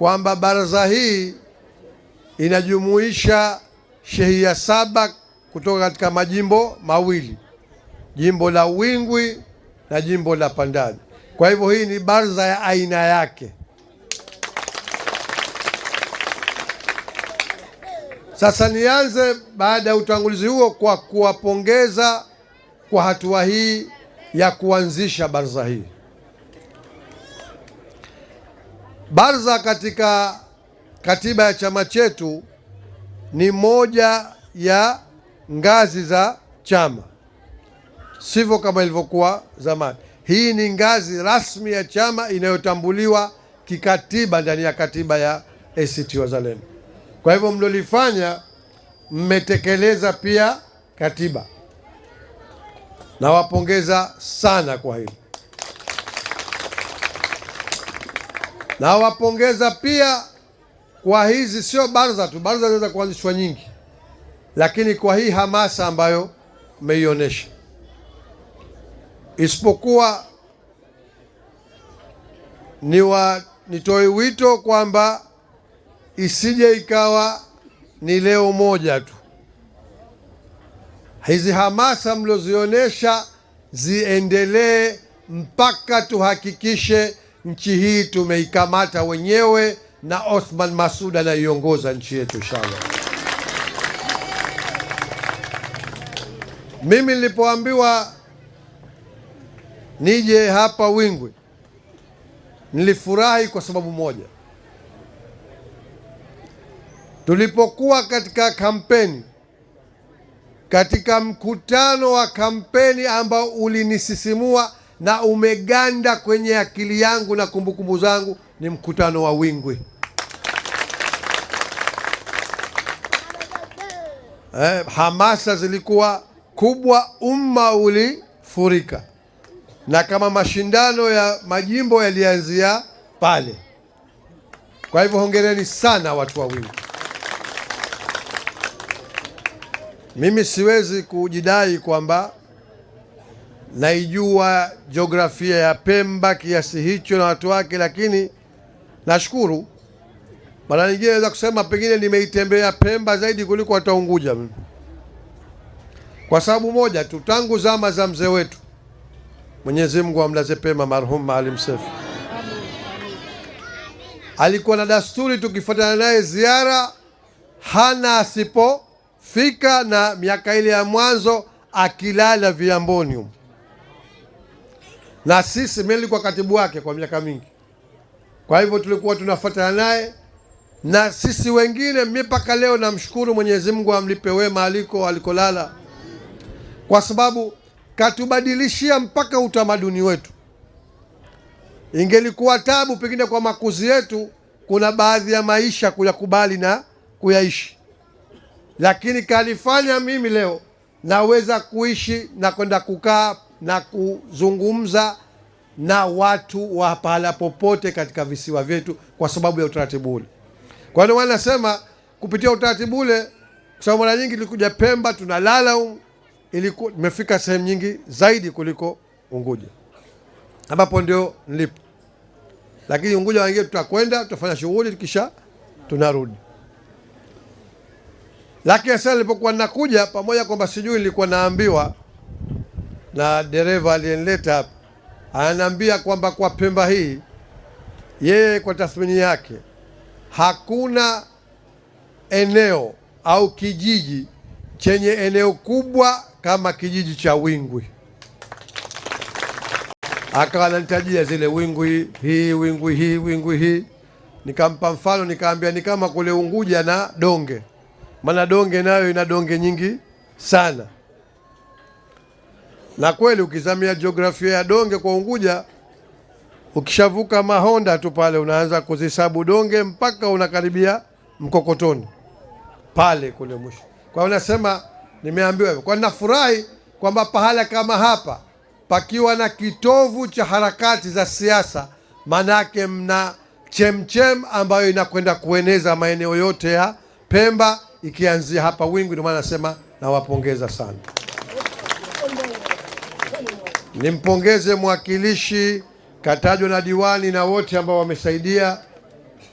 kwamba baraza hii inajumuisha shehia saba kutoka katika majimbo mawili, jimbo la Wingwi na jimbo la Pandani. Kwa hivyo hii ni baraza ya aina yake. Sasa nianze baada ya utangulizi huo kwa kuwapongeza kwa hatua hii ya kuanzisha baraza hii. Barza katika katiba ya chama chetu ni moja ya ngazi za chama, sivyo kama ilivyokuwa zamani. Hii ni ngazi rasmi ya chama inayotambuliwa kikatiba ndani ya katiba ya ACT Wazalendo. Kwa hivyo mlolifanya, mmetekeleza pia katiba. Nawapongeza sana kwa hili Nawapongeza pia kwa hizi, sio baraza tu, baraza zinaweza kuanzishwa nyingi, lakini kwa hii hamasa ambayo mmeionyesha, isipokuwa wa nitoe wito kwamba isije ikawa ni leo moja tu. Hizi hamasa mlizozionyesha ziendelee mpaka tuhakikishe nchi hii tumeikamata wenyewe, na Othman Masud anaiongoza nchi yetu inshallah. Mimi nilipoambiwa nije hapa Wingwi nilifurahi kwa sababu moja. Tulipokuwa katika kampeni, katika mkutano wa kampeni ambao ulinisisimua na umeganda kwenye akili yangu na kumbukumbu zangu ni mkutano wa Wingwi. Eh, hamasa zilikuwa kubwa, umma ulifurika, na kama mashindano ya majimbo yalianzia pale. Kwa hivyo hongereni sana watu wa Wingwi. Mimi siwezi kujidai kwamba naijua jiografia ya Pemba kiasi hicho na watu wake, lakini nashukuru mara nyingine naweza kusema pengine nimeitembea Pemba zaidi kuliko hata Unguja, kwa sababu moja tu, tangu zama za mzee wetu, Mwenyezi Mungu amlaze pema, marhum Maalim Seif, alikuwa na dasturi tukifuatana naye ziara, hana asipofika, na miaka ile ya mwanzo akilala viamboni na sisi, mimi nilikuwa katibu wake kwa miaka mingi, kwa hivyo tulikuwa tunafuatana naye na sisi wengine. Mimi mpaka leo namshukuru Mwenyezi Mungu amlipe wema aliko alikolala, kwa sababu katubadilishia mpaka utamaduni wetu. Ingelikuwa tabu pengine kwa makuzi yetu, kuna baadhi ya maisha kuyakubali na kuyaishi, lakini kalifanya mimi leo naweza kuishi na kwenda kukaa na kuzungumza na watu wa pahala popote katika visiwa vyetu kwa sababu ya utaratibu ule. Kwa hiyo nasema kupitia utaratibu ule, kwa sababu mara nyingi tulikuja Pemba tunalala um, nimefika sehemu nyingi zaidi kuliko Unguja ambapo ndio nilipo, lakini Unguja wengine tutakwenda tutafanya shughuli kisha tunarudi. Lakini sasa nilipokuwa nakuja, pamoja kwamba sijui nilikuwa naambiwa na dereva aliyenileta hapa ananiambia kwamba kwa Pemba hii yeye kwa tathmini yake hakuna eneo au kijiji chenye eneo kubwa kama kijiji cha Wingwi. Akawa ananitajia zile Wingwi hii Wingwi hii Wingwi hii, nikampa mfano nikaambia ni kama kule Unguja na Donge, maana Donge nayo ina donge nyingi sana. Na kweli ukizamia jiografia ya donge kwa Unguja, ukishavuka Mahonda tu pale unaanza kuzisabu donge mpaka unakaribia Mkokotoni pale kule mwisho. Kwa unasema nimeambiwa hivyo kwa, nafurahi kwamba pahala kama hapa pakiwa na kitovu cha harakati za siasa, manake mna chemchem ambayo inakwenda kueneza maeneo yote ya Pemba ikianzia hapa Wingu. Ndio maana nasema nawapongeza sana. Nimpongeze mwakilishi katajwa na diwani na wote ambao wamesaidia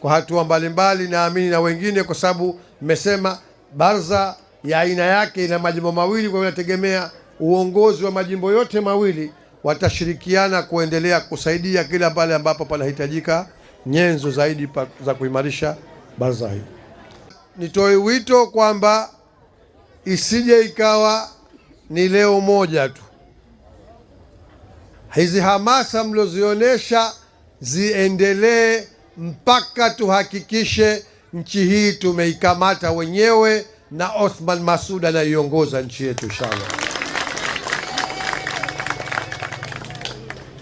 kwa hatua mbalimbali, naamini na wengine, kwa sababu mmesema barza ya aina yake ina majimbo mawili. Kwa hiyo inategemea uongozi wa majimbo yote mawili watashirikiana kuendelea kusaidia kila pale ambapo panahitajika nyenzo zaidi pa, za kuimarisha barza hii. Nitoe wito kwamba isije ikawa ni leo moja tu hizi hamasa mliozionyesha ziendelee mpaka tuhakikishe nchi hii tumeikamata wenyewe na Othman Masud anaiongoza nchi yetu inshallah.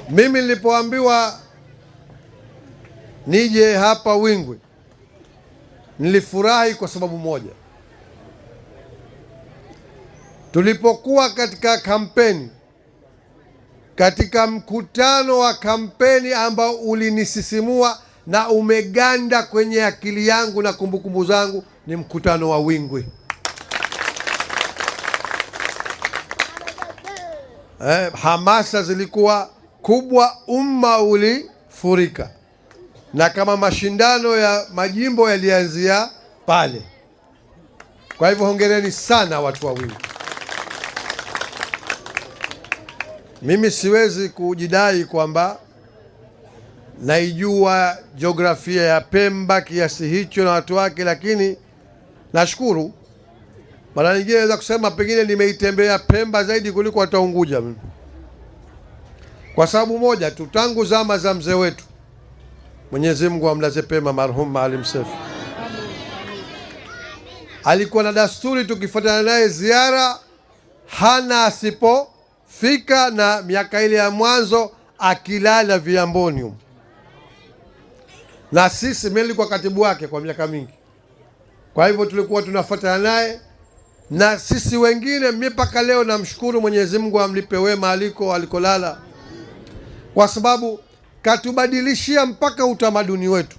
Mimi nilipoambiwa nije hapa Wingwi nilifurahi kwa sababu moja. Tulipokuwa katika kampeni katika mkutano wa kampeni ambao ulinisisimua na umeganda kwenye akili yangu na kumbukumbu -kumbu zangu ni mkutano wa Wingwi. Eh, hamasa zilikuwa kubwa, umma ulifurika, na kama mashindano ya majimbo yalianzia pale. Kwa hivyo hongereni sana watu wa Wingwi. Mimi siwezi kujidai kwamba naijua jiografia ya Pemba kiasi hicho na watu wake, lakini nashukuru. Mara nyingine naweza kusema pengine nimeitembea Pemba zaidi kuliko hata Unguja mimi, kwa sababu moja tu, tangu zama za mzee wetu, Mwenyezi Mungu amlaze pema marhum Maalim Seif, alikuwa na dasturi tukifuatana naye ziara, hana asipo fika na miaka ile ya mwanzo akilala viamboni humo, na sisi mimi nilikuwa katibu wake kwa miaka mingi, kwa hivyo tulikuwa tunafuatana naye na sisi wengine. Mimi mpaka leo namshukuru Mwenyezi Mungu amlipe wema aliko alikolala, kwa sababu katubadilishia mpaka utamaduni wetu.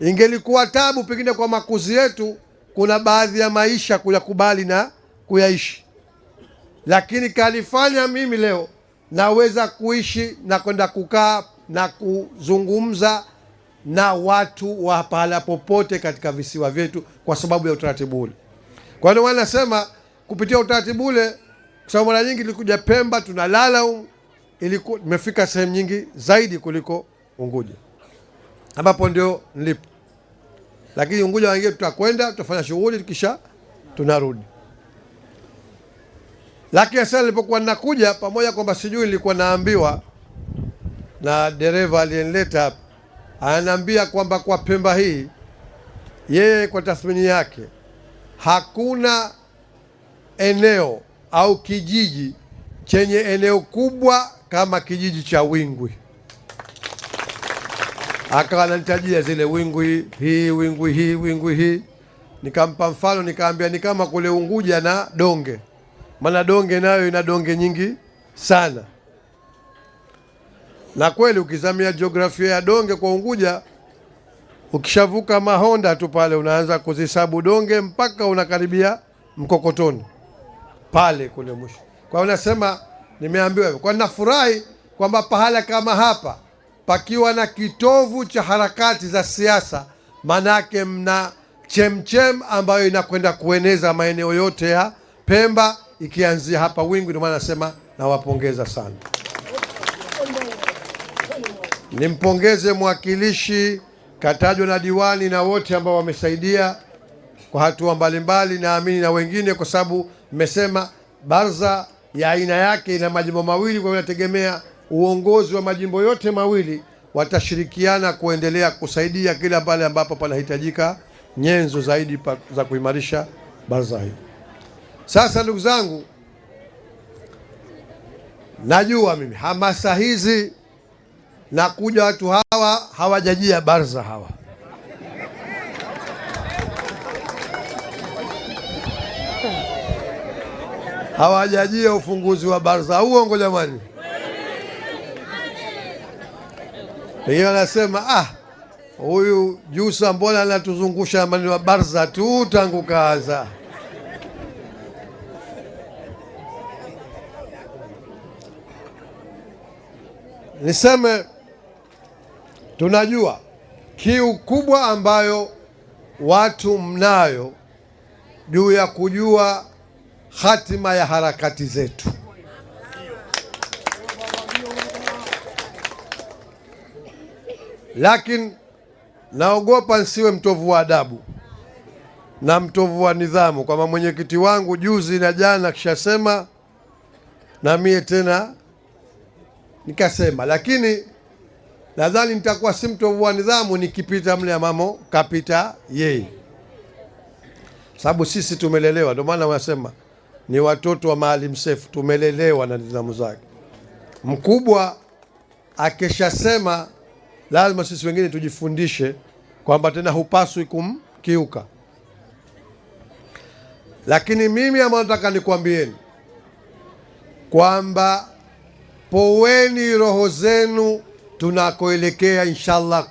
Ingelikuwa tabu pengine kwa makuzi yetu, kuna baadhi ya maisha kuyakubali na kuyaishi lakini kalifanya mimi leo naweza kuishi na kwenda kukaa na kuzungumza na watu wa pahala popote katika visiwa vyetu kwa sababu ya utaratibu ule. Kwa hiyo wanasema kupitia utaratibu ule, kwa sababu mara nyingi likuja Pemba tunalala um, ilikuwa sehemu nyingi zaidi kuliko Unguja ambapo ndio nilipo, lakini Unguja wengine tutakwenda tutafanya shughuli, tukisha tunarudi. Lakini sasa nilipokuwa nakuja, pamoja kwamba sijui, nilikuwa naambiwa na dereva aliyenileta hapa, ananiambia kwamba kwa Pemba hii yeye kwa tathmini yake hakuna eneo au kijiji chenye eneo kubwa kama kijiji cha Wingwi. Akawa ananitajia zile Wingwi hii Wingwi hii Wingwi hii, nikampa mfano, nikaambia ni kama kule Unguja na Donge maana donge nayo ina donge nyingi sana. Na kweli ukizamia jiografia ya donge kwa Unguja, ukishavuka Mahonda tu pale unaanza kuzisabu donge mpaka unakaribia Mkokotoni pale kule mwisho. Kwa nasema, nimeambiwa hivyo, kwa nafurahi kwamba pahala kama hapa pakiwa na kitovu cha harakati za siasa, manake mna chemchem ambayo inakwenda kueneza maeneo yote ya Pemba ikianzia hapa Wingu. Ndio maana nasema nawapongeza sana. Nimpongeze mwakilishi katajwa na diwani na wote ambao wamesaidia kwa hatua mbalimbali, naamini na wengine, kwa sababu mmesema baraza ya aina yake ina majimbo mawili. Kwa hiyo inategemea uongozi wa majimbo yote mawili watashirikiana kuendelea kusaidia kila pale ambapo panahitajika nyenzo zaidi pa, za kuimarisha baraza hili. Sasa ndugu zangu, najua mimi hamasa hizi na kuja watu hawa hawajajia barza hawa hawajajia ufunguzi wa barza uongo, jamani. Pengine anasema ah, huyu Jusa mbona anatuzungusha maneno ya barza tu tangu kaza Niseme tunajua kiu kubwa ambayo watu mnayo juu ya kujua hatima ya harakati zetu. Lakini naogopa nsiwe mtovu wa adabu na mtovu wa nidhamu, kwamba mwenyekiti wangu juzi na jana kishasema na mie tena nikasema, lakini nadhani nitakuwa si mtovua nidhamu nikipita mle amamo kapita yeye, sababu sisi tumelelewa. Ndio maana wanasema ni watoto wa Maalim Seif, tumelelewa na nidhamu zake. Mkubwa akishasema lazima sisi wengine tujifundishe kwamba tena hupaswi kumkiuka. Lakini mimi ambayo nataka nikwambieni kwamba poweni roho zenu tunakoelekea inshallah.